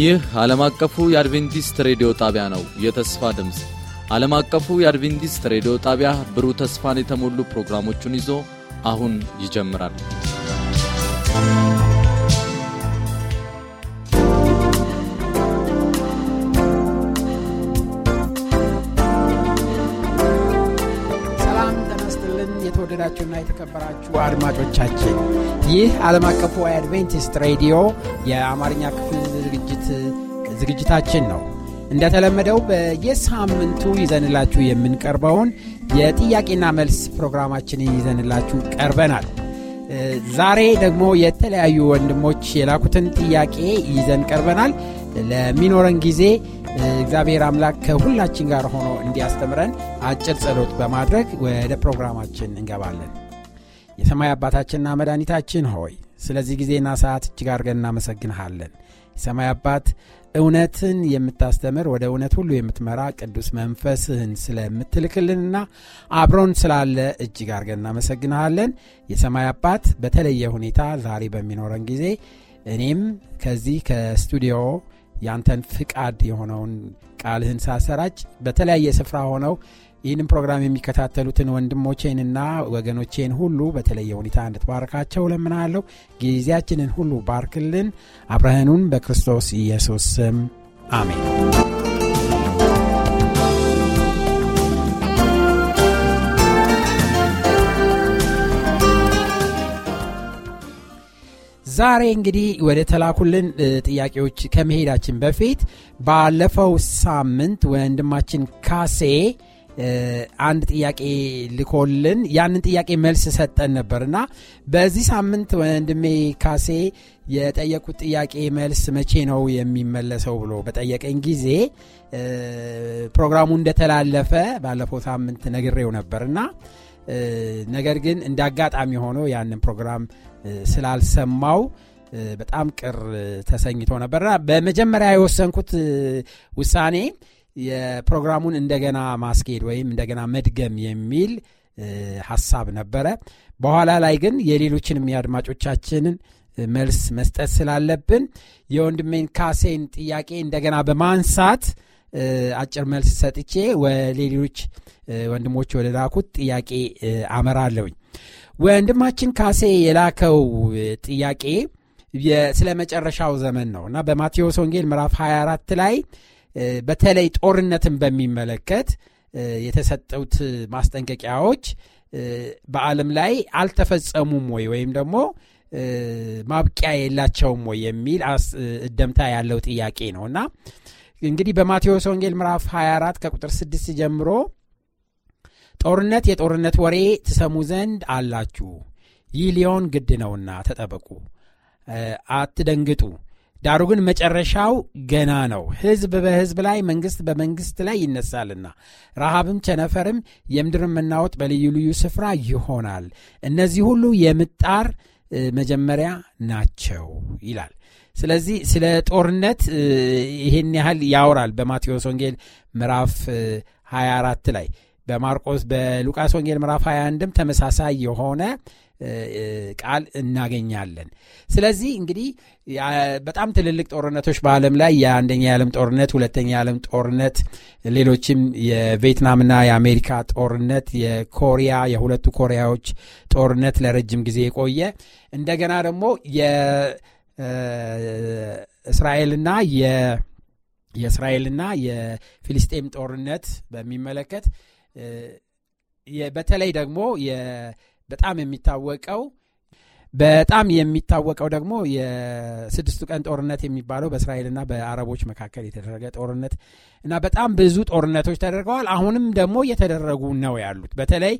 ይህ ዓለም አቀፉ የአድቬንቲስት ሬዲዮ ጣቢያ ነው። የተስፋ ድምፅ ዓለም አቀፉ የአድቬንቲስት ሬዲዮ ጣቢያ ብሩህ ተስፋን የተሞሉ ፕሮግራሞቹን ይዞ አሁን ይጀምራል። ሰላም ተነስትልን። የተወደዳችሁና የተከበራችሁ አድማጮቻችን ይህ ዓለም አቀፉ የአድቬንቲስት ሬዲዮ የአማርኛ ክፍል ዝግጅት ዝግጅታችን ነው። እንደተለመደው በየሳምንቱ ይዘንላችሁ የምንቀርበውን የጥያቄና መልስ ፕሮግራማችንን ይዘንላችሁ ቀርበናል። ዛሬ ደግሞ የተለያዩ ወንድሞች የላኩትን ጥያቄ ይዘን ቀርበናል። ለሚኖረን ጊዜ እግዚአብሔር አምላክ ከሁላችን ጋር ሆኖ እንዲያስተምረን አጭር ጸሎት በማድረግ ወደ ፕሮግራማችን እንገባለን። የሰማይ አባታችንና መድኃኒታችን ሆይ ስለዚህ ጊዜና ሰዓት እጅግ አድርገን እናመሰግንሃለን። የሰማይ አባት እውነትን የምታስተምር ወደ እውነት ሁሉ የምትመራ ቅዱስ መንፈስህን ስለምትልክልንና አብሮን ስላለ እጅግ አርገን እናመሰግንሃለን። የሰማይ አባት በተለየ ሁኔታ ዛሬ በሚኖረን ጊዜ እኔም ከዚህ ከስቱዲዮ ያንተን ፍቃድ የሆነውን ቃልህን ሳሰራጭ በተለያየ ስፍራ ሆነው ይህንም ፕሮግራም የሚከታተሉትን ወንድሞቼንና ወገኖቼን ሁሉ በተለየ ሁኔታ እንድትባርካቸው ለምናለሁ። ጊዜያችንን ሁሉ ባርክልን። አብርሃኑን በክርስቶስ ኢየሱስ ስም አሜን። ዛሬ እንግዲህ ወደ ተላኩልን ጥያቄዎች ከመሄዳችን በፊት ባለፈው ሳምንት ወንድማችን ካሴ አንድ ጥያቄ ልኮልን ያንን ጥያቄ መልስ ሰጠን እና በዚህ ሳምንት ወንድሜ ካሴ የጠየቁት ጥያቄ መልስ መቼ ነው የሚመለሰው ብሎ በጠየቀኝ ጊዜ ፕሮግራሙ እንደተላለፈ ባለፈው ሳምንት ነግሬው ነበርና ነገር ግን እንደ አጋጣሚ ሆኖ ያንን ፕሮግራም ስላልሰማው በጣም ቅር ተሰኝቶ ነበርና በመጀመሪያ የወሰንኩት ውሳኔ የፕሮግራሙን እንደገና ማስኬድ ወይም እንደገና መድገም የሚል ሀሳብ ነበረ። በኋላ ላይ ግን የሌሎችንም የአድማጮቻችንን መልስ መስጠት ስላለብን የወንድሜን ካሴን ጥያቄ እንደገና በማንሳት አጭር መልስ ሰጥቼ ወሌሎች ወንድሞች ወደ ላኩት ጥያቄ አመራለሁኝ። ወንድማችን ካሴ የላከው ጥያቄ ስለ መጨረሻው ዘመን ነው እና በማቴዎስ ወንጌል ምዕራፍ 24 ላይ በተለይ ጦርነትን በሚመለከት የተሰጡት ማስጠንቀቂያዎች በዓለም ላይ አልተፈጸሙም ወይ ወይም ደግሞ ማብቂያ የላቸውም ወይ የሚል እደምታ ያለው ጥያቄ ነው እና እንግዲህ በማቴዎስ ወንጌል ምዕራፍ 24 ከቁጥር 6 ጀምሮ ጦርነት የጦርነት ወሬ ትሰሙ ዘንድ አላችሁ ይህ ሊሆን ግድ ነውና ተጠበቁ አትደንግጡ ዳሩ ግን መጨረሻው ገና ነው። ሕዝብ በሕዝብ ላይ መንግሥት በመንግሥት ላይ ይነሳልና ረሃብም ቸነፈርም የምድርም መናወጥ በልዩ ልዩ ስፍራ ይሆናል። እነዚህ ሁሉ የምጣር መጀመሪያ ናቸው ይላል። ስለዚህ ስለ ጦርነት ይህን ያህል ያወራል በማቴዎስ ወንጌል ምዕራፍ 24 ላይ በማርቆስ በሉቃስ ወንጌል ምዕራፍ 21ም ተመሳሳይ የሆነ ቃል እናገኛለን። ስለዚህ እንግዲህ በጣም ትልልቅ ጦርነቶች በዓለም ላይ የአንደኛ የዓለም ጦርነት፣ ሁለተኛ የዓለም ጦርነት፣ ሌሎችም የቬትናምና የአሜሪካ ጦርነት፣ የኮሪያ የሁለቱ ኮሪያዎች ጦርነት ለረጅም ጊዜ የቆየ እንደገና ደግሞ የእስራኤልና የ የእስራኤልና የፊልስጤም ጦርነት በሚመለከት በተለይ ደግሞ በጣም የሚታወቀው በጣም የሚታወቀው ደግሞ የስድስቱ ቀን ጦርነት የሚባለው በእስራኤልና በአረቦች መካከል የተደረገ ጦርነት እና በጣም ብዙ ጦርነቶች ተደርገዋል። አሁንም ደግሞ እየተደረጉ ነው ያሉት። በተለይ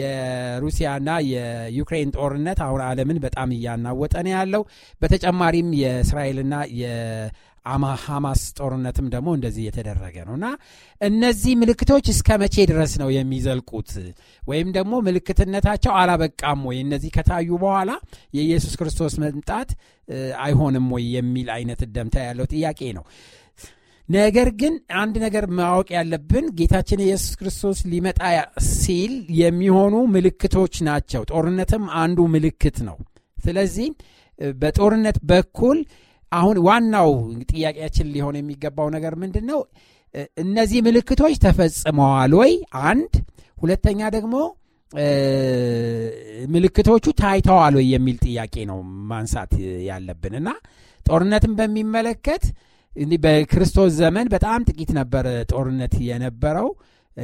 የሩሲያና የዩክሬን ጦርነት አሁን ዓለምን በጣም እያናወጠ ነው ያለው። በተጨማሪም የእስራኤልና ሐማስ ጦርነትም ደግሞ እንደዚህ የተደረገ ነው እና እነዚህ ምልክቶች እስከ መቼ ድረስ ነው የሚዘልቁት? ወይም ደግሞ ምልክትነታቸው አላበቃም ወይ? እነዚህ ከታዩ በኋላ የኢየሱስ ክርስቶስ መምጣት አይሆንም ወይ የሚል አይነት እደምታ ያለው ጥያቄ ነው። ነገር ግን አንድ ነገር ማወቅ ያለብን ጌታችን ኢየሱስ ክርስቶስ ሊመጣ ሲል የሚሆኑ ምልክቶች ናቸው። ጦርነትም አንዱ ምልክት ነው። ስለዚህ በጦርነት በኩል አሁን ዋናው ጥያቄያችን ሊሆን የሚገባው ነገር ምንድን ነው? እነዚህ ምልክቶች ተፈጽመዋል ወይ? አንድ ሁለተኛ ደግሞ ምልክቶቹ ታይተዋል ወይ የሚል ጥያቄ ነው ማንሳት ያለብን እና ጦርነትን በሚመለከት እንዲህ በክርስቶስ ዘመን በጣም ጥቂት ነበር ጦርነት የነበረው።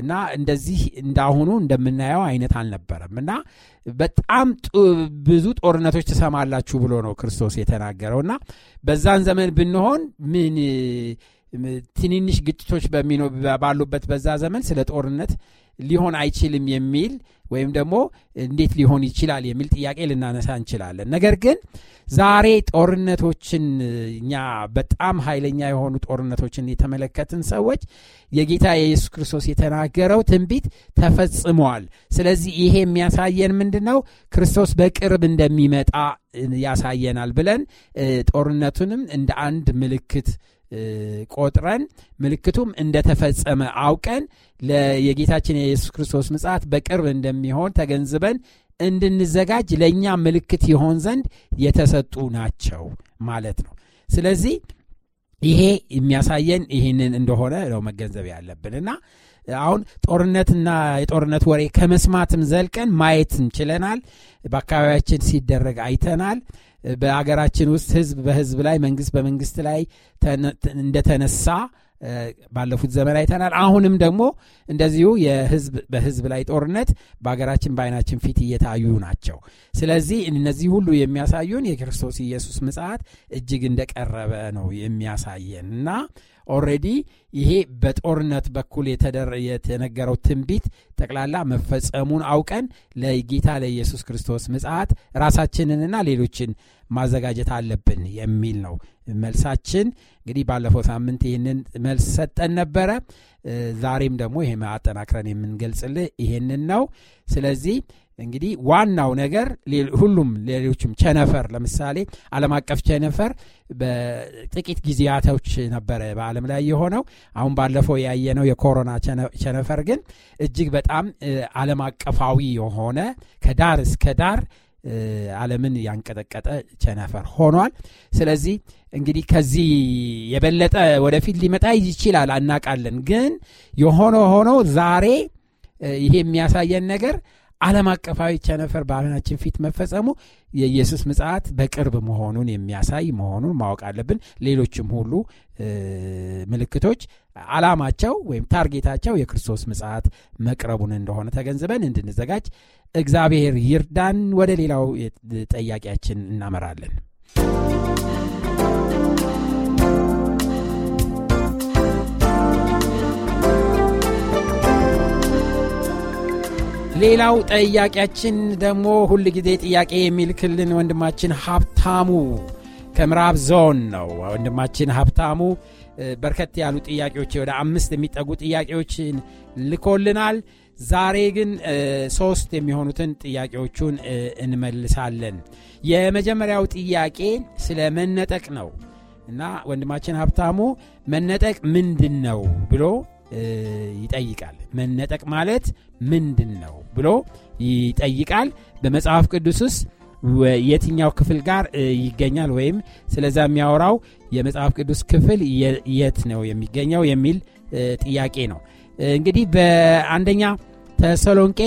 እና እንደዚህ እንዳሁኑ እንደምናየው አይነት አልነበረም እና በጣም ብዙ ጦርነቶች ትሰማላችሁ ብሎ ነው ክርስቶስ የተናገረው እና በዛን ዘመን ብንሆን ምን ትንንሽ ግጭቶች ባሉበት በዛ ዘመን ስለ ጦርነት ሊሆን አይችልም የሚል ወይም ደግሞ እንዴት ሊሆን ይችላል የሚል ጥያቄ ልናነሳ እንችላለን። ነገር ግን ዛሬ ጦርነቶችን እኛ በጣም ኃይለኛ የሆኑ ጦርነቶችን የተመለከትን ሰዎች የጌታ የኢየሱስ ክርስቶስ የተናገረው ትንቢት ተፈጽሟል። ስለዚህ ይሄ የሚያሳየን ምንድን ነው? ክርስቶስ በቅርብ እንደሚመጣ ያሳየናል ብለን ጦርነቱንም እንደ አንድ ምልክት ቆጥረን ምልክቱም እንደተፈጸመ አውቀን የጌታችን የኢየሱስ ክርስቶስ ምጽት በቅርብ እንደሚሆን ተገንዝበን እንድንዘጋጅ ለእኛ ምልክት ይሆን ዘንድ የተሰጡ ናቸው ማለት ነው። ስለዚህ ይሄ የሚያሳየን ይህንን እንደሆነ ነው መገንዘብ ያለብን እና አሁን ጦርነትና የጦርነት ወሬ ከመስማትም ዘልቀን ማየትም ችለናል። በአካባቢያችን ሲደረግ አይተናል። በአገራችን ውስጥ ህዝብ በህዝብ ላይ መንግስት በመንግስት ላይ እንደተነሳ ባለፉት ዘመን አይተናል። አሁንም ደግሞ እንደዚሁ የህዝብ በህዝብ ላይ ጦርነት በሀገራችን በአይናችን ፊት እየታዩ ናቸው። ስለዚህ እነዚህ ሁሉ የሚያሳዩን የክርስቶስ ኢየሱስ ምጽት እጅግ እንደቀረበ ነው የሚያሳየን እና ኦረዲ ይሄ በጦርነት በኩል የተነገረው ትንቢት ጠቅላላ መፈጸሙን አውቀን ለጌታ ለኢየሱስ ክርስቶስ ምጽአት ራሳችንንና ሌሎችን ማዘጋጀት አለብን የሚል ነው መልሳችን። እንግዲህ ባለፈው ሳምንት ይህንን መልስ ሰጠን ነበረ። ዛሬም ደግሞ ይሄ አጠናክረን የምንገልጽልህ ይህንን ነው። ስለዚህ እንግዲህ ዋናው ነገር ሁሉም ሌሎችም ቸነፈር ለምሳሌ ዓለም አቀፍ ቸነፈር በጥቂት ጊዜያቶች ነበረ በአለም ላይ የሆነው። አሁን ባለፈው ያየነው የኮሮና ቸነፈር ግን እጅግ በጣም ዓለም አቀፋዊ የሆነ ከዳር እስከ ዳር አለምን ያንቀጠቀጠ ቸነፈር ሆኗል። ስለዚህ እንግዲህ ከዚህ የበለጠ ወደፊት ሊመጣ ይችላል አናቃለን። ግን የሆነ ሆኖ ዛሬ ይሄ የሚያሳየን ነገር ዓለም አቀፋዊ ቸነፈር በዓለማችን ፊት መፈጸሙ የኢየሱስ ምጽአት በቅርብ መሆኑን የሚያሳይ መሆኑን ማወቅ አለብን። ሌሎችም ሁሉ ምልክቶች ዓላማቸው ወይም ታርጌታቸው የክርስቶስ ምጽአት መቅረቡን እንደሆነ ተገንዝበን እንድንዘጋጅ እግዚአብሔር ይርዳን። ወደ ሌላው ጠያቂያችን እናመራለን። ሌላው ጠያቂያችን ደግሞ ሁል ጊዜ ጥያቄ የሚልክልን ወንድማችን ሀብታሙ ከምዕራብ ዞን ነው። ወንድማችን ሀብታሙ በርከት ያሉ ጥያቄዎች ወደ አምስት የሚጠጉ ጥያቄዎችን ልኮልናል። ዛሬ ግን ሶስት የሚሆኑትን ጥያቄዎቹን እንመልሳለን። የመጀመሪያው ጥያቄ ስለ መነጠቅ ነው እና ወንድማችን ሀብታሙ መነጠቅ ምንድን ነው ብሎ ይጠይቃል። መነጠቅ ማለት ምንድን ነው ብሎ ይጠይቃል። በመጽሐፍ ቅዱስ የትኛው ክፍል ጋር ይገኛል ወይም ስለዛ የሚያወራው የመጽሐፍ ቅዱስ ክፍል የት ነው የሚገኘው የሚል ጥያቄ ነው። እንግዲህ በአንደኛ ተሰሎንቄ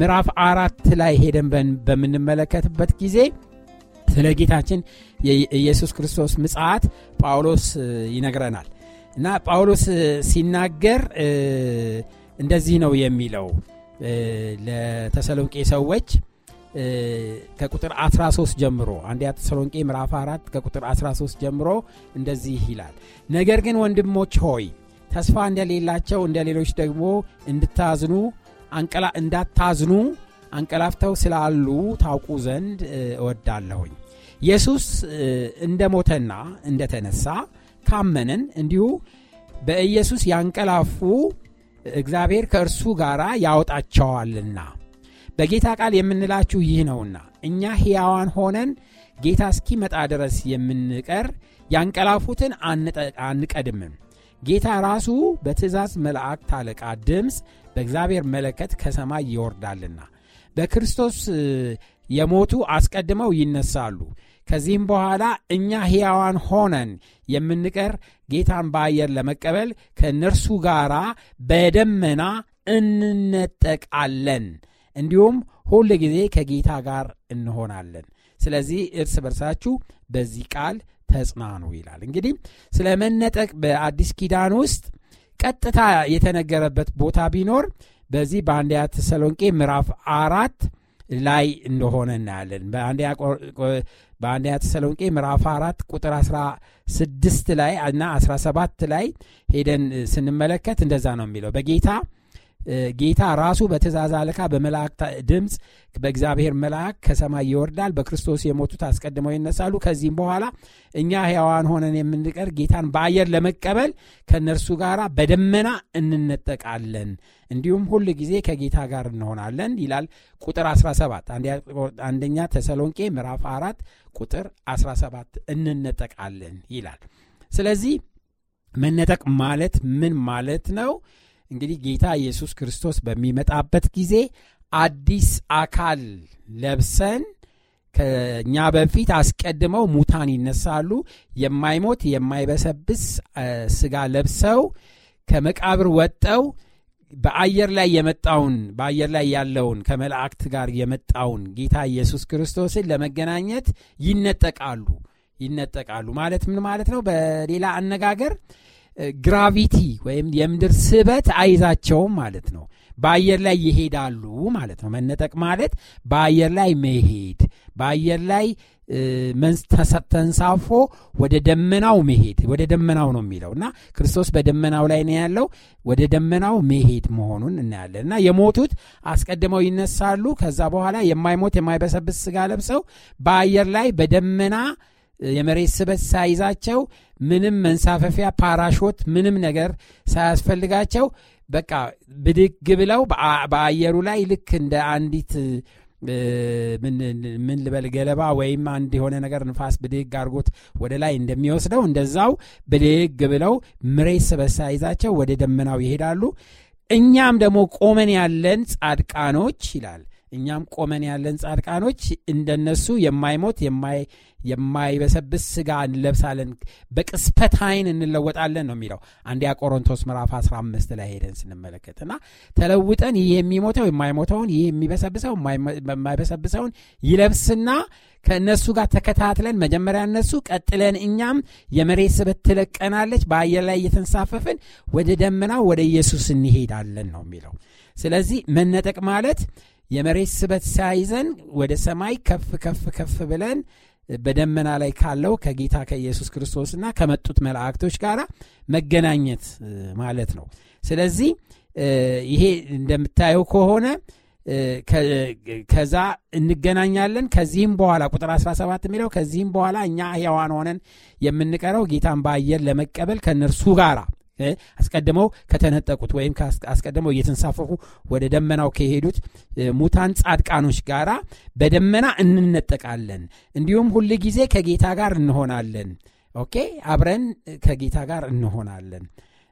ምዕራፍ አራት ላይ ሄደን በምንመለከትበት ጊዜ ስለ ጌታችን የኢየሱስ ክርስቶስ ምጽአት ጳውሎስ ይነግረናል። እና ጳውሎስ ሲናገር እንደዚህ ነው የሚለው ለተሰሎንቄ ሰዎች ከቁጥር 13 ጀምሮ አንዲያ ተሰሎንቄ ምራፍ 4 ከቁጥር 13 ጀምሮ እንደዚህ ይላል ነገር ግን ወንድሞች ሆይ ተስፋ እንደሌላቸው እንደ ሌሎች ደግሞ እንድታዝኑ እንዳታዝኑ አንቀላፍተው ስላሉ ታውቁ ዘንድ እወዳለሁኝ ኢየሱስ እንደ ሞተና እንደተነሳ ያስታመንን እንዲሁ በኢየሱስ ያንቀላፉ እግዚአብሔር ከእርሱ ጋር ያወጣቸዋልና በጌታ ቃል የምንላችሁ ይህ ነውና እኛ ሕያዋን ሆነን ጌታ እስኪመጣ ድረስ የምንቀር ያንቀላፉትን አንቀድምም። ጌታ ራሱ በትእዛዝ መላእክት አለቃ ድምፅ በእግዚአብሔር መለከት ከሰማይ ይወርዳልና በክርስቶስ የሞቱ አስቀድመው ይነሳሉ። ከዚህም በኋላ እኛ ሕያዋን ሆነን የምንቀር ጌታን በአየር ለመቀበል ከእነርሱ ጋር በደመና እንነጠቃለን፣ እንዲሁም ሁል ጊዜ ከጌታ ጋር እንሆናለን። ስለዚህ እርስ በርሳችሁ በዚህ ቃል ተጽናኑ ይላል። እንግዲህ ስለ መነጠቅ በአዲስ ኪዳን ውስጥ ቀጥታ የተነገረበት ቦታ ቢኖር በዚህ በአንድያ ተሰሎንቄ ምዕራፍ አራት ላይ እንደሆነ እናያለን። በአንደኛ ተሰሎንቄ ምዕራፍ አራት ቁጥር 16 ላይ እና 17 ላይ ሄደን ስንመለከት እንደዛ ነው የሚለው በጌታ ጌታ ራሱ በትእዛዝ አለካ በመላእክት ድምፅ በእግዚአብሔር መልአክ ከሰማይ ይወርዳል። በክርስቶስ የሞቱት አስቀድመው ይነሳሉ። ከዚህም በኋላ እኛ ሕያዋን ሆነን የምንቀር ጌታን በአየር ለመቀበል ከእነርሱ ጋር በደመና እንነጠቃለን፣ እንዲሁም ሁል ጊዜ ከጌታ ጋር እንሆናለን ይላል። ቁጥር 17 አንደኛ ተሰሎንቄ ምዕራፍ 4 ቁጥር 17 እንነጠቃለን ይላል። ስለዚህ መነጠቅ ማለት ምን ማለት ነው? እንግዲህ ጌታ ኢየሱስ ክርስቶስ በሚመጣበት ጊዜ አዲስ አካል ለብሰን ከእኛ በፊት አስቀድመው ሙታን ይነሳሉ። የማይሞት የማይበሰብስ ስጋ ለብሰው ከመቃብር ወጠው በአየር ላይ የመጣውን በአየር ላይ ያለውን ከመላእክት ጋር የመጣውን ጌታ ኢየሱስ ክርስቶስን ለመገናኘት ይነጠቃሉ ይነጠቃሉ ማለት ምን ማለት ነው? በሌላ አነጋገር ግራቪቲ ወይም የምድር ስበት አይዛቸውም ማለት ነው። በአየር ላይ ይሄዳሉ ማለት ነው። መነጠቅ ማለት በአየር ላይ መሄድ፣ በአየር ላይ ተንሳፎ ወደ ደመናው መሄድ፣ ወደ ደመናው ነው የሚለው እና ክርስቶስ በደመናው ላይ ነው ያለው። ወደ ደመናው መሄድ መሆኑን እናያለን እና የሞቱት አስቀድመው ይነሳሉ። ከዛ በኋላ የማይሞት የማይበሰብስ ስጋ ለብሰው በአየር ላይ በደመና የመሬት ስበት ሳይዛቸው ምንም መንሳፈፊያ ፓራሾት ምንም ነገር ሳያስፈልጋቸው በቃ ብድግ ብለው በአየሩ ላይ ልክ እንደ አንዲት ምን ልበል ገለባ ወይም አንድ የሆነ ነገር ንፋስ ብድግ አድርጎት ወደ ላይ እንደሚወስደው እንደዛው ብድግ ብለው መሬት ስበት ሳይዛቸው ወደ ደመናው ይሄዳሉ። እኛም ደግሞ ቆመን ያለን ጻድቃኖች ይላል እኛም ቆመን ያለን ጻድቃኖች እንደነሱ የማይሞት የማይበሰብስ ስጋ እንለብሳለን፣ በቅስፈት አይን እንለወጣለን ነው የሚለው አንዲያ ቆሮንቶስ ምዕራፍ 15 ላይ ሄደን ስንመለከት እና ተለውጠን ይህ የሚሞተው የማይሞተውን ይህ የሚበሰብሰው የማይበሰብሰውን ይለብስና ከእነሱ ጋር ተከታትለን መጀመሪያ እነሱ ቀጥለን እኛም የመሬት ስበት ትለቀናለች፣ በአየር ላይ እየተንሳፈፍን ወደ ደመናው ወደ ኢየሱስ እንሄዳለን ነው የሚለው። ስለዚህ መነጠቅ ማለት የመሬት ስበት ሳይዘን ወደ ሰማይ ከፍ ከፍ ከፍ ብለን በደመና ላይ ካለው ከጌታ ከኢየሱስ ክርስቶስና ከመጡት መላእክቶች ጋር መገናኘት ማለት ነው። ስለዚህ ይሄ እንደምታየው ከሆነ ከዛ እንገናኛለን። ከዚህም በኋላ ቁጥር 17 የሚለው ከዚህም በኋላ እኛ ሕያዋን ሆነን የምንቀረው ጌታን በአየር ለመቀበል ከእነርሱ ጋራ አስቀድመው ከተነጠቁት ወይም አስቀድመው እየተንሳፈፉ ወደ ደመናው ከሄዱት ሙታን ጻድቃኖች ጋራ በደመና እንነጠቃለን። እንዲሁም ሁል ጊዜ ከጌታ ጋር እንሆናለን። ኦኬ አብረን ከጌታ ጋር እንሆናለን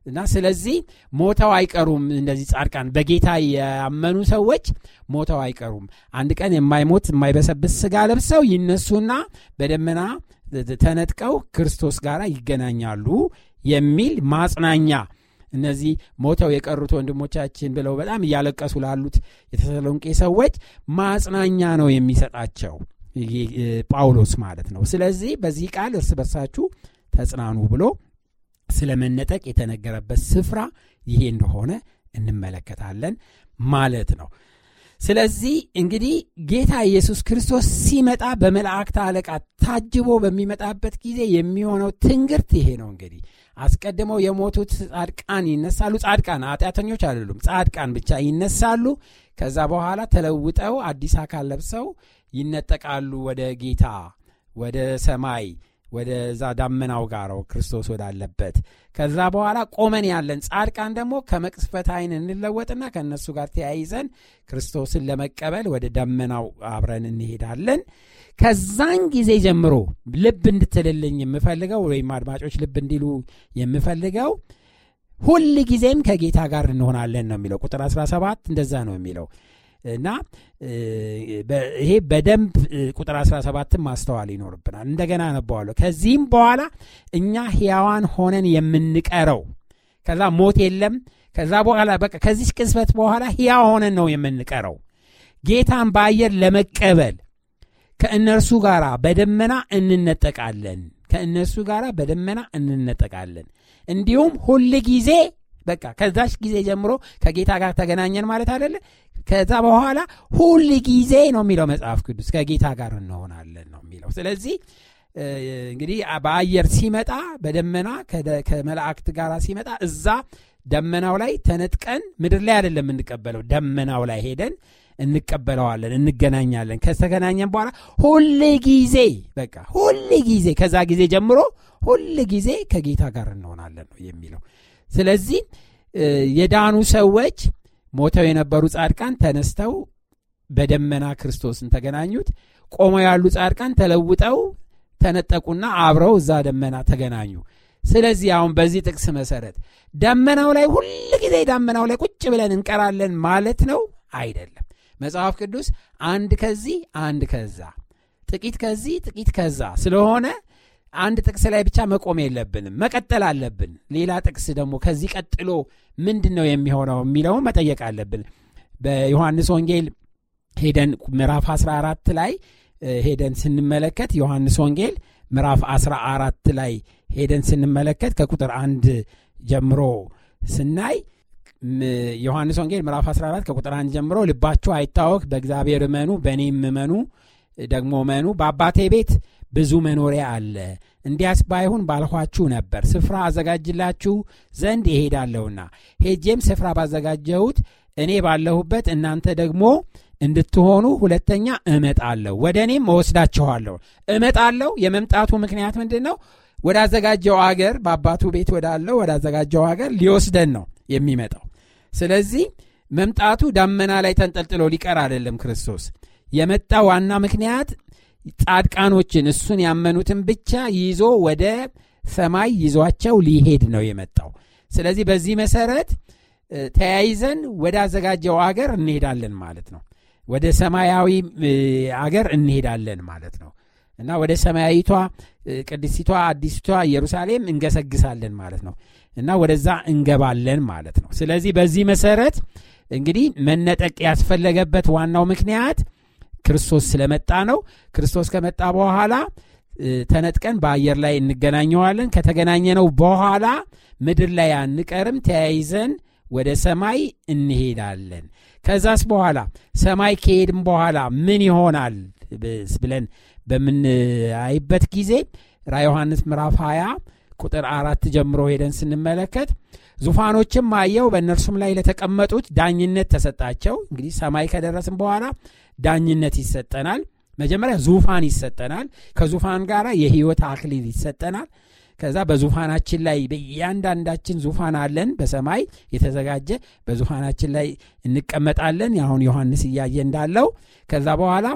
እና ስለዚህ ሞተው አይቀሩም። እንደዚህ ጻድቃን በጌታ ያመኑ ሰዎች ሞተው አይቀሩም። አንድ ቀን የማይሞት የማይበሰብስ ስጋ ለብሰው ይነሱና በደመና ተነጥቀው ክርስቶስ ጋር ይገናኛሉ የሚል ማጽናኛ እነዚህ ሞተው የቀሩት ወንድሞቻችን ብለው በጣም እያለቀሱ ላሉት የተሰሎንቄ ሰዎች ማጽናኛ ነው የሚሰጣቸው ጳውሎስ ማለት ነው። ስለዚህ በዚህ ቃል እርስ በርሳችሁ ተጽናኑ ብሎ ስለ መነጠቅ የተነገረበት ስፍራ ይሄ እንደሆነ እንመለከታለን ማለት ነው። ስለዚህ እንግዲህ ጌታ ኢየሱስ ክርስቶስ ሲመጣ በመላእክት አለቃ ታጅቦ በሚመጣበት ጊዜ የሚሆነው ትንግርት ይሄ ነው። እንግዲህ አስቀድመው የሞቱት ጻድቃን ይነሳሉ። ጻድቃን አጢአተኞች አይደሉም፣ ጻድቃን ብቻ ይነሳሉ። ከዛ በኋላ ተለውጠው አዲስ አካል ለብሰው ይነጠቃሉ ወደ ጌታ ወደ ሰማይ ወደዛ ዳመናው ጋር ክርስቶስ ወዳለበት ከዛ በኋላ ቆመን ያለን ጻድቃን ደግሞ ከመቅስፈት አይን እንለወጥና ከእነሱ ጋር ተያይዘን ክርስቶስን ለመቀበል ወደ ደመናው አብረን እንሄዳለን። ከዛን ጊዜ ጀምሮ ልብ እንድትልልኝ የምፈልገው ወይም አድማጮች ልብ እንዲሉ የምፈልገው ሁል ጊዜም ከጌታ ጋር እንሆናለን ነው የሚለው ቁጥር 17 እንደዛ ነው የሚለው እና ይሄ በደንብ ቁጥር 17 ማስተዋል ይኖርብናል። እንደገና ነበዋለሁ ከዚህም በኋላ እኛ ሕያዋን ሆነን የምንቀረው ከዛ ሞት የለም። ከዛ በኋላ በቃ ከዚህ ቅጽበት በኋላ ሕያው ሆነን ነው የምንቀረው ጌታን በአየር ለመቀበል ከእነርሱ ጋር በደመና እንነጠቃለን። ከእነርሱ ጋር በደመና እንነጠቃለን። እንዲሁም ሁል ጊዜ በቃ ከዛች ጊዜ ጀምሮ ከጌታ ጋር ተገናኘን ማለት አደለ ከዛ በኋላ ሁል ጊዜ ነው የሚለው መጽሐፍ ቅዱስ ከጌታ ጋር እንሆናለን ነው የሚለው ስለዚህ እንግዲህ በአየር ሲመጣ በደመና ከመላእክት ጋር ሲመጣ እዛ ደመናው ላይ ተነጥቀን ምድር ላይ አይደለም የምንቀበለው ደመናው ላይ ሄደን እንቀበለዋለን እንገናኛለን ከተገናኘን በኋላ ሁል ጊዜ በቃ ሁል ጊዜ ከዛ ጊዜ ጀምሮ ሁል ጊዜ ከጌታ ጋር እንሆናለን ነው የሚለው ስለዚህ የዳኑ ሰዎች ሞተው የነበሩ ጻድቃን ተነስተው በደመና ክርስቶስን ተገናኙት። ቆመው ያሉ ጻድቃን ተለውጠው ተነጠቁና አብረው እዛ ደመና ተገናኙ። ስለዚህ አሁን በዚህ ጥቅስ መሰረት ደመናው ላይ ሁል ጊዜ ደመናው ላይ ቁጭ ብለን እንቀራለን ማለት ነው አይደለም። መጽሐፍ ቅዱስ አንድ ከዚህ አንድ ከዛ ጥቂት ከዚህ ጥቂት ከዛ ስለሆነ አንድ ጥቅስ ላይ ብቻ መቆም የለብንም፣ መቀጠል አለብን። ሌላ ጥቅስ ደግሞ ከዚህ ቀጥሎ ምንድን ነው የሚሆነው የሚለውን መጠየቅ አለብን። በዮሐንስ ወንጌል ሄደን ምዕራፍ 14 ላይ ሄደን ስንመለከት ዮሐንስ ወንጌል ምዕራፍ 14 ላይ ሄደን ስንመለከት ከቁጥር አንድ ጀምሮ ስናይ ዮሐንስ ወንጌል ምዕራፍ 14 ከቁጥር አንድ ጀምሮ ልባችሁ አይታወክ፣ በእግዚአብሔር እመኑ፣ በእኔም እመኑ ደግሞ እመኑ በአባቴ ቤት ብዙ መኖሪያ አለ። እንዲያስ ባይሁን ባልኋችሁ ነበር፣ ስፍራ አዘጋጅላችሁ ዘንድ ይሄዳለሁና ሄጄም ስፍራ ባዘጋጀሁት እኔ ባለሁበት እናንተ ደግሞ እንድትሆኑ ሁለተኛ እመጣለሁ፣ ወደ እኔም እወስዳችኋለሁ። እመጣለሁ። የመምጣቱ ምክንያት ምንድን ነው? ወዳዘጋጀው አገር በአባቱ ቤት ወዳለው ወዳዘጋጀው አገር ሊወስደን ነው የሚመጣው። ስለዚህ መምጣቱ ዳመና ላይ ተንጠልጥሎ ሊቀር አይደለም። ክርስቶስ የመጣ ዋና ምክንያት ጻድቃኖችን እሱን ያመኑትን ብቻ ይዞ ወደ ሰማይ ይዟቸው ሊሄድ ነው የመጣው። ስለዚህ በዚህ መሰረት ተያይዘን ወደ አዘጋጀው አገር እንሄዳለን ማለት ነው። ወደ ሰማያዊ አገር እንሄዳለን ማለት ነው እና ወደ ሰማያዊቷ ቅድስቷ አዲስቷ ኢየሩሳሌም እንገሰግሳለን ማለት ነው እና ወደዛ እንገባለን ማለት ነው። ስለዚህ በዚህ መሰረት እንግዲህ መነጠቅ ያስፈለገበት ዋናው ምክንያት ክርስቶስ ስለመጣ ነው። ክርስቶስ ከመጣ በኋላ ተነጥቀን በአየር ላይ እንገናኘዋለን። ከተገናኘነው በኋላ ምድር ላይ አንቀርም፣ ተያይዘን ወደ ሰማይ እንሄዳለን። ከዛስ በኋላ ሰማይ ከሄድም በኋላ ምን ይሆናል ብለን በምናይበት ጊዜ ራ ዮሐንስ ምዕራፍ 20 ቁጥር አራት ጀምሮ ሄደን ስንመለከት ዙፋኖችም አየው በእነርሱም ላይ ለተቀመጡት ዳኝነት ተሰጣቸው። እንግዲህ ሰማይ ከደረስም በኋላ ዳኝነት ይሰጠናል። መጀመሪያ ዙፋን ይሰጠናል። ከዙፋን ጋር የህይወት አክሊል ይሰጠናል። ከዛ በዙፋናችን ላይ በእያንዳንዳችን ዙፋን አለን፣ በሰማይ የተዘጋጀ በዙፋናችን ላይ እንቀመጣለን። አሁን ዮሐንስ እያየ እንዳለው ከዛ በኋላ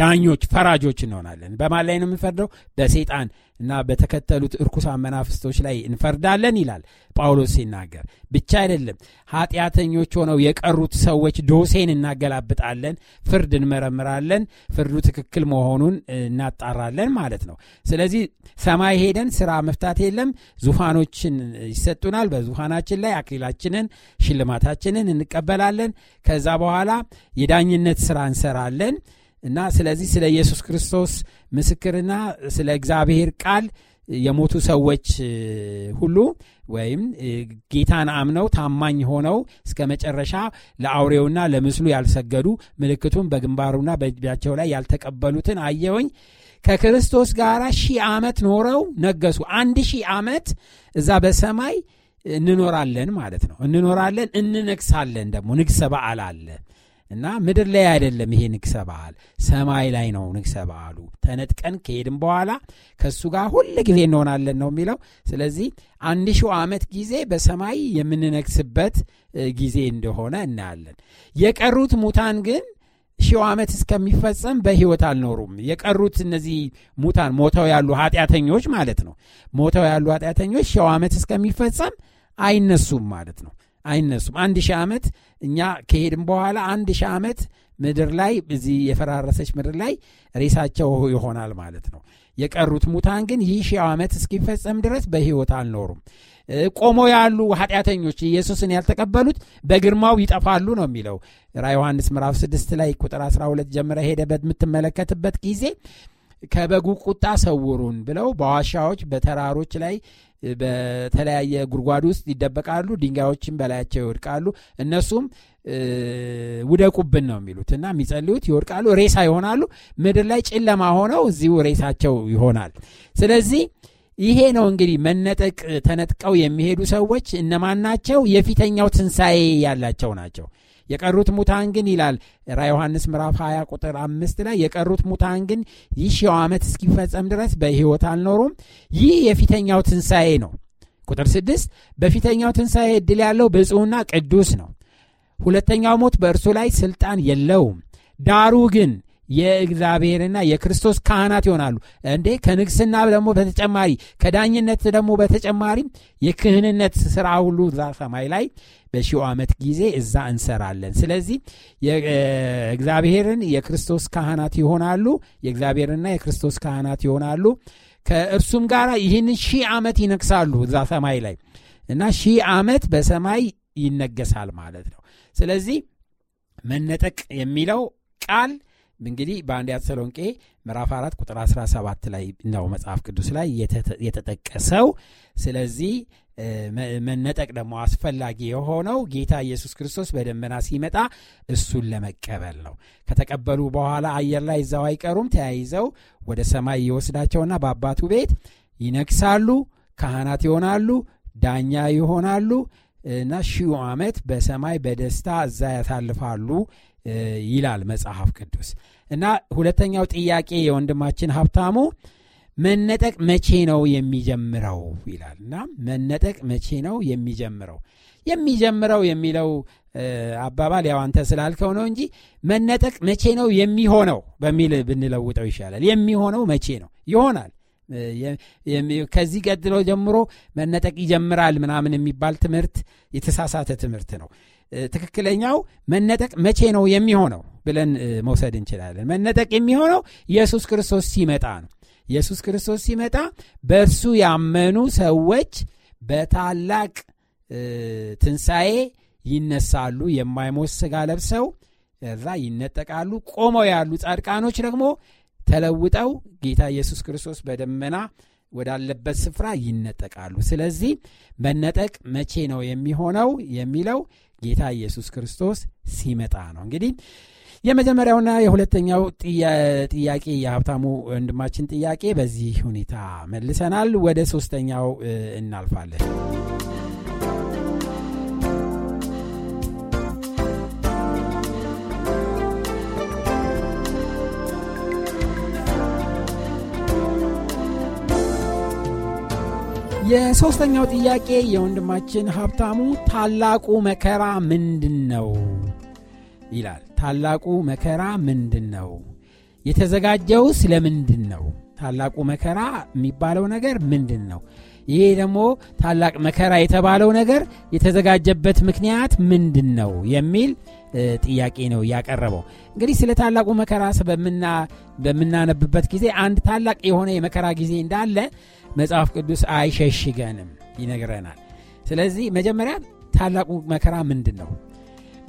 ዳኞች፣ ፈራጆች እንሆናለን። በማን ላይ ነው የምንፈርደው? በሰይጣን እና በተከተሉት እርኩሳን መናፍስቶች ላይ እንፈርዳለን ይላል ጳውሎስ ሲናገር። ብቻ አይደለም ኃጢአተኞች ሆነው የቀሩት ሰዎች ዶሴን እናገላብጣለን፣ ፍርድ እንመረምራለን፣ ፍርዱ ትክክል መሆኑን እናጣራለን ማለት ነው። ስለዚህ ሰማይ ሄደን ስራ መፍታት የለም። ዙፋኖችን ይሰጡናል። በዙፋናችን ላይ አክሊላችንን፣ ሽልማታችንን እንቀበላለን። ከዛ በኋላ የዳኝነት ስራ እንሰራለን። እና ስለዚህ ስለ ኢየሱስ ክርስቶስ ምስክርና ስለ እግዚአብሔር ቃል የሞቱ ሰዎች ሁሉ ወይም ጌታን አምነው ታማኝ ሆነው እስከ መጨረሻ ለአውሬውና ለምስሉ ያልሰገዱ ምልክቱን በግንባሩና በእጃቸው ላይ ያልተቀበሉትን አየውኝ ከክርስቶስ ጋር ሺህ ዓመት ኖረው ነገሱ አንድ ሺህ ዓመት እዛ በሰማይ እንኖራለን ማለት ነው እንኖራለን እንነግሳለን ደግሞ ንግሥ በዓል አለ እና ምድር ላይ አይደለም ይሄ ንግሰ በዓል ሰማይ ላይ ነው ንግሰ በዓሉ። ተነጥቀን ከሄድም በኋላ ከእሱ ጋር ሁል ጊዜ እንሆናለን ነው የሚለው። ስለዚህ አንድ ሺው ዓመት ጊዜ በሰማይ የምንነግስበት ጊዜ እንደሆነ እናያለን። የቀሩት ሙታን ግን ሺው ዓመት እስከሚፈጸም በሕይወት አልኖሩም። የቀሩት እነዚህ ሙታን ሞተው ያሉ ኃጢአተኞች ማለት ነው። ሞተው ያሉ ኃጢአተኞች ሺው ዓመት እስከሚፈጸም አይነሱም ማለት ነው። አይነሱም። አንድ ሺህ ዓመት እኛ ከሄድም በኋላ አንድ ሺህ ዓመት ምድር ላይ እዚህ የፈራረሰች ምድር ላይ ሬሳቸው ይሆናል ማለት ነው። የቀሩት ሙታን ግን ይህ ሺህ ዓመት እስኪፈጸም ድረስ በሕይወት አልኖሩም። ቆሞ ያሉ ኃጢአተኞች ኢየሱስን ያልተቀበሉት በግርማው ይጠፋሉ ነው የሚለው ራ ዮሐንስ ምዕራፍ 6 ላይ ቁጥር 12 ጀምረ ሄደ በምትመለከትበት ጊዜ ከበጉ ቁጣ ሰውሩን ብለው በዋሻዎች በተራሮች ላይ በተለያየ ጉድጓድ ውስጥ ይደበቃሉ። ድንጋዮችን በላያቸው ይወድቃሉ። እነሱም ውደቁብን ነው የሚሉት እና የሚጸልዩት ይወድቃሉ፣ ሬሳ ይሆናሉ። ምድር ላይ ጨለማ ሆነው እዚሁ ሬሳቸው ይሆናል። ስለዚህ ይሄ ነው እንግዲህ መነጠቅ ተነጥቀው የሚሄዱ ሰዎች እነማን ናቸው? የፊተኛው ትንሣኤ ያላቸው ናቸው። የቀሩት ሙታን ግን ይላል ራ ዮሐንስ ምዕራፍ 20 ቁጥር አምስት ላይ የቀሩት ሙታን ግን ይህ ሺው ዓመት እስኪፈጸም ድረስ በሕይወት አልኖሩም። ይህ የፊተኛው ትንሣኤ ነው። ቁጥር ስድስት በፊተኛው ትንሣኤ ዕድል ያለው ብፁዕና ቅዱስ ነው። ሁለተኛው ሞት በእርሱ ላይ ሥልጣን የለውም። ዳሩ ግን የእግዚአብሔርና የክርስቶስ ካህናት ይሆናሉ። እንዴ ከንግስና ደግሞ በተጨማሪ ከዳኝነት ደግሞ በተጨማሪ የክህንነት ስራ ሁሉ እዛ ሰማይ ላይ በሺው ዓመት ጊዜ እዛ እንሰራለን። ስለዚህ እግዚአብሔርን የክርስቶስ ካህናት ይሆናሉ። የእግዚአብሔርና የክርስቶስ ካህናት ይሆናሉ። ከእርሱም ጋር ይህንን ሺህ ዓመት ይነግሳሉ እዛ ሰማይ ላይ እና ሺህ ዓመት በሰማይ ይነገሳል ማለት ነው። ስለዚህ መነጠቅ የሚለው ቃል እንግዲህ በአንድ ተሰሎንቄ ምዕራፍ 4 ቁጥር 17 ላይ ነው መጽሐፍ ቅዱስ ላይ የተጠቀሰው። ስለዚህ መነጠቅ ደግሞ አስፈላጊ የሆነው ጌታ ኢየሱስ ክርስቶስ በደመና ሲመጣ እሱን ለመቀበል ነው። ከተቀበሉ በኋላ አየር ላይ እዛው አይቀሩም። ተያይዘው ወደ ሰማይ ይወስዳቸውና በአባቱ ቤት ይነግሳሉ፣ ካህናት ይሆናሉ፣ ዳኛ ይሆናሉ እና ሺው ዓመት በሰማይ በደስታ እዛ ያሳልፋሉ ይላል መጽሐፍ ቅዱስ። እና ሁለተኛው ጥያቄ የወንድማችን ሀብታሙ መነጠቅ መቼ ነው የሚጀምረው ይላል እና መነጠቅ መቼ ነው የሚጀምረው የሚጀምረው የሚለው አባባል ያው አንተ ስላልከው ነው እንጂ መነጠቅ መቼ ነው የሚሆነው በሚል ብንለውጠው ይሻላል። የሚሆነው መቼ ነው ይሆናል። ከዚህ ቀጥሎ ጀምሮ መነጠቅ ይጀምራል ምናምን የሚባል ትምህርት የተሳሳተ ትምህርት ነው። ትክክለኛው መነጠቅ መቼ ነው የሚሆነው ብለን መውሰድ እንችላለን። መነጠቅ የሚሆነው ኢየሱስ ክርስቶስ ሲመጣ ነው። ኢየሱስ ክርስቶስ ሲመጣ በእርሱ ያመኑ ሰዎች በታላቅ ትንሣኤ ይነሳሉ። የማይሞት ለብሰው እዛ ይነጠቃሉ። ቆመው ያሉ ጻድቃኖች ደግሞ ተለውጠው ጌታ ኢየሱስ ክርስቶስ በደመና ወዳለበት ስፍራ ይነጠቃሉ። ስለዚህ መነጠቅ መቼ ነው የሚሆነው የሚለው ጌታ ኢየሱስ ክርስቶስ ሲመጣ ነው። እንግዲህ የመጀመሪያውና የሁለተኛው ጥያቄ የሀብታሙ ወንድማችን ጥያቄ በዚህ ሁኔታ መልሰናል። ወደ ሶስተኛው እናልፋለን። የሦስተኛው ጥያቄ የወንድማችን ሀብታሙ ታላቁ መከራ ምንድን ነው ይላል። ታላቁ መከራ ምንድን ነው? የተዘጋጀው ስለምንድን ነው? ታላቁ መከራ የሚባለው ነገር ምንድን ነው? ይሄ ደግሞ ታላቅ መከራ የተባለው ነገር የተዘጋጀበት ምክንያት ምንድን ነው የሚል ጥያቄ ነው ያቀረበው። እንግዲህ ስለ ታላቁ መከራ በምናነብበት ጊዜ አንድ ታላቅ የሆነ የመከራ ጊዜ እንዳለ መጽሐፍ ቅዱስ አይሸሽገንም ይነግረናል። ስለዚህ መጀመሪያ ታላቁ መከራ ምንድን ነው?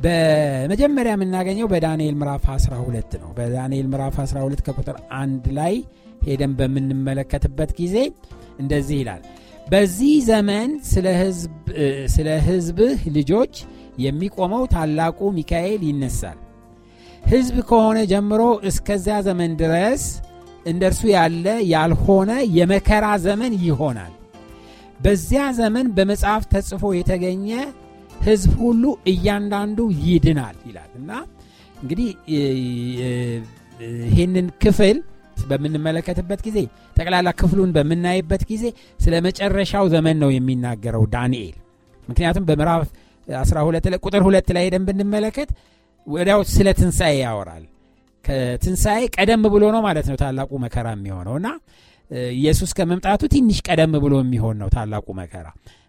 በመጀመሪያ የምናገኘው በዳንኤል ምዕራፍ 12 ነው። በዳንኤል ምዕራፍ 12 ከቁጥር አንድ ላይ ሄደን በምንመለከትበት ጊዜ እንደዚህ ይላል። በዚህ ዘመን ስለ ህዝብህ ልጆች የሚቆመው ታላቁ ሚካኤል ይነሳል። ህዝብ ከሆነ ጀምሮ እስከዚያ ዘመን ድረስ እንደ እርሱ ያለ ያልሆነ የመከራ ዘመን ይሆናል። በዚያ ዘመን በመጽሐፍ ተጽፎ የተገኘ ህዝብ ሁሉ እያንዳንዱ ይድናል ይላል እና እንግዲህ ይህንን ክፍል በምንመለከትበት ጊዜ ጠቅላላ ክፍሉን በምናይበት ጊዜ ስለ መጨረሻው ዘመን ነው የሚናገረው ዳንኤል። ምክንያቱም በምዕራፍ 12 ቁጥር ሁለት ላይ ሄደን ብንመለከት ወዲያው ስለ ትንሣኤ ያወራል። ከትንሣኤ ቀደም ብሎ ነው ማለት ነው ታላቁ መከራ የሚሆነው እና ኢየሱስ ከመምጣቱ ትንሽ ቀደም ብሎ የሚሆን ነው ታላቁ መከራ።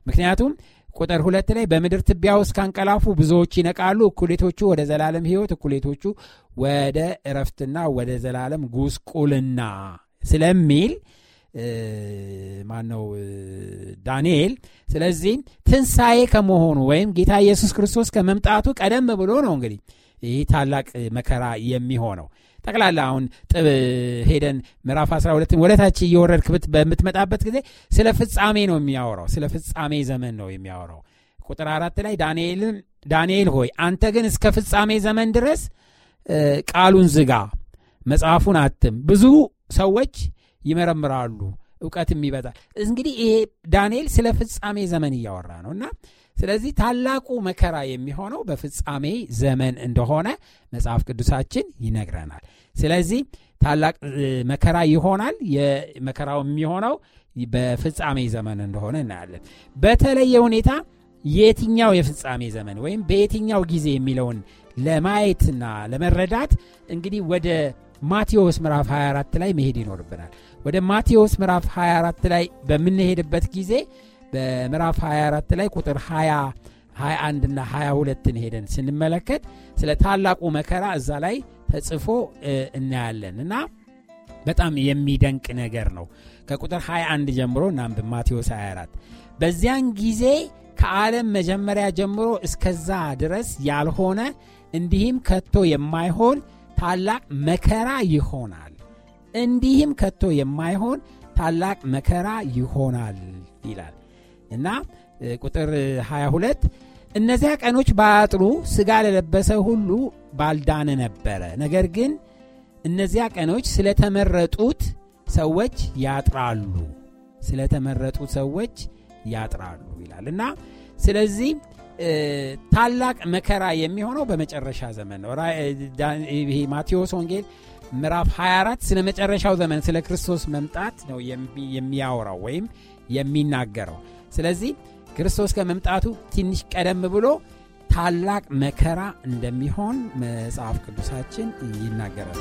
ምክንያቱም ቁጥር ሁለት ላይ በምድር ትቢያ ውስጥ ካንቀላፉ ብዙዎች ይነቃሉ፣ እኩሌቶቹ ወደ ዘላለም ህይወት እኩሌቶቹ ወደ እረፍትና ወደ ዘላለም ጉስቁልና ስለሚል ማን ነው ዳንኤል። ስለዚህ ትንሣኤ ከመሆኑ ወይም ጌታ ኢየሱስ ክርስቶስ ከመምጣቱ ቀደም ብሎ ነው እንግዲህ ይህ ታላቅ መከራ የሚሆነው ጠቅላላ አሁን ጥብ ሄደን ምዕራፍ 12 ወደታች ክብት በምትመጣበት ጊዜ ስለ ፍጻሜ ነው የሚያወራው። ስለ ፍጻሜ ዘመን ነው የሚያወራው። ቁጥር አራት ላይ ዳንኤል ሆይ አንተ ግን እስከ ፍጻሜ ዘመን ድረስ ቃሉን ዝጋ፣ መጽሐፉን አትም። ብዙ ሰዎች ይመረምራሉ፣ እውቀትም ይበዛል። እንግዲህ ይሄ ዳንኤል ስለ ፍጻሜ ዘመን እያወራ ነው እና ስለዚህ ታላቁ መከራ የሚሆነው በፍጻሜ ዘመን እንደሆነ መጽሐፍ ቅዱሳችን ይነግረናል። ስለዚህ ታላቅ መከራ ይሆናል። የመከራው የሚሆነው በፍጻሜ ዘመን እንደሆነ እናያለን። በተለየ ሁኔታ የትኛው የፍጻሜ ዘመን ወይም በየትኛው ጊዜ የሚለውን ለማየትና ለመረዳት እንግዲህ ወደ ማቴዎስ ምዕራፍ 24 ላይ መሄድ ይኖርብናል። ወደ ማቴዎስ ምዕራፍ 24 ላይ በምንሄድበት ጊዜ በምዕራፍ 24 ላይ ቁጥር 20 21 እና 22ን ሄደን ስንመለከት ስለ ታላቁ መከራ እዛ ላይ ተጽፎ እናያለን እና በጣም የሚደንቅ ነገር ነው። ከቁጥር 21 ጀምሮ እናም ማቴዎስ 24 በዚያን ጊዜ ከዓለም መጀመሪያ ጀምሮ እስከዛ ድረስ ያልሆነ እንዲህም ከቶ የማይሆን ታላቅ መከራ ይሆናል። እንዲህም ከቶ የማይሆን ታላቅ መከራ ይሆናል ይላል። እና ቁጥር 22 እነዚያ ቀኖች ባያጥሩ ስጋ ለለበሰ ሁሉ ባልዳነ ነበረ። ነገር ግን እነዚያ ቀኖች ስለተመረጡት ሰዎች ያጥራሉ፣ ስለተመረጡት ሰዎች ያጥራሉ ይላል እና ስለዚህ ታላቅ መከራ የሚሆነው በመጨረሻ ዘመን ነው። ማቴዎስ ወንጌል ምዕራፍ 24 ስለ መጨረሻው ዘመን ስለ ክርስቶስ መምጣት ነው የሚያወራው ወይም የሚናገረው። ስለዚህ ክርስቶስ ከመምጣቱ ትንሽ ቀደም ብሎ ታላቅ መከራ እንደሚሆን መጽሐፍ ቅዱሳችን ይናገራል።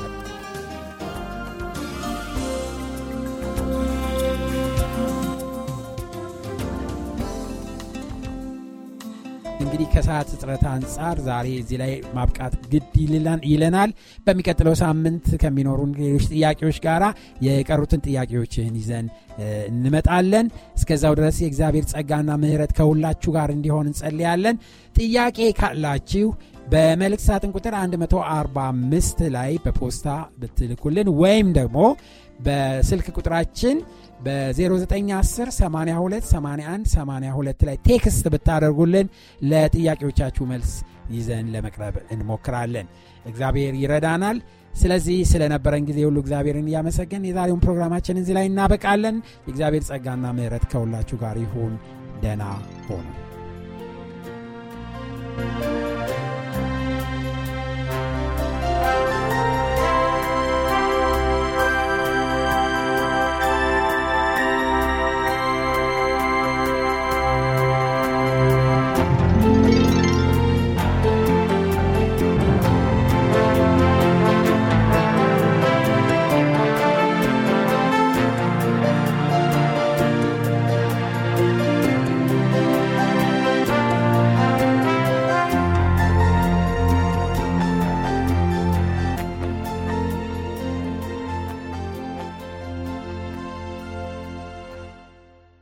እንግዲህ ከሰዓት እጥረት አንጻር ዛሬ እዚህ ላይ ማብቃት ግድ ይለናል። በሚቀጥለው ሳምንት ከሚኖሩን ሌሎች ጥያቄዎች ጋር የቀሩትን ጥያቄዎችን ይዘን እንመጣለን። እስከዛው ድረስ የእግዚአብሔር ጸጋና ምህረት ከሁላችሁ ጋር እንዲሆን እንጸልያለን። ጥያቄ ካላችሁ በመልእክት ሳጥን ቁጥር 145 ላይ በፖስታ ብትልኩልን ወይም ደግሞ በስልክ ቁጥራችን በ 0910828182 ላይ ቴክስት ብታደርጉልን ለጥያቄዎቻችሁ መልስ ይዘን ለመቅረብ እንሞክራለን። እግዚአብሔር ይረዳናል። ስለዚህ ስለነበረን ጊዜ ሁሉ እግዚአብሔርን እያመሰገን የዛሬውን ፕሮግራማችን እዚህ ላይ እናበቃለን። የእግዚአብሔር ጸጋና ምረት ከሁላችሁ ጋር ይሁን። ደና ሆኑ።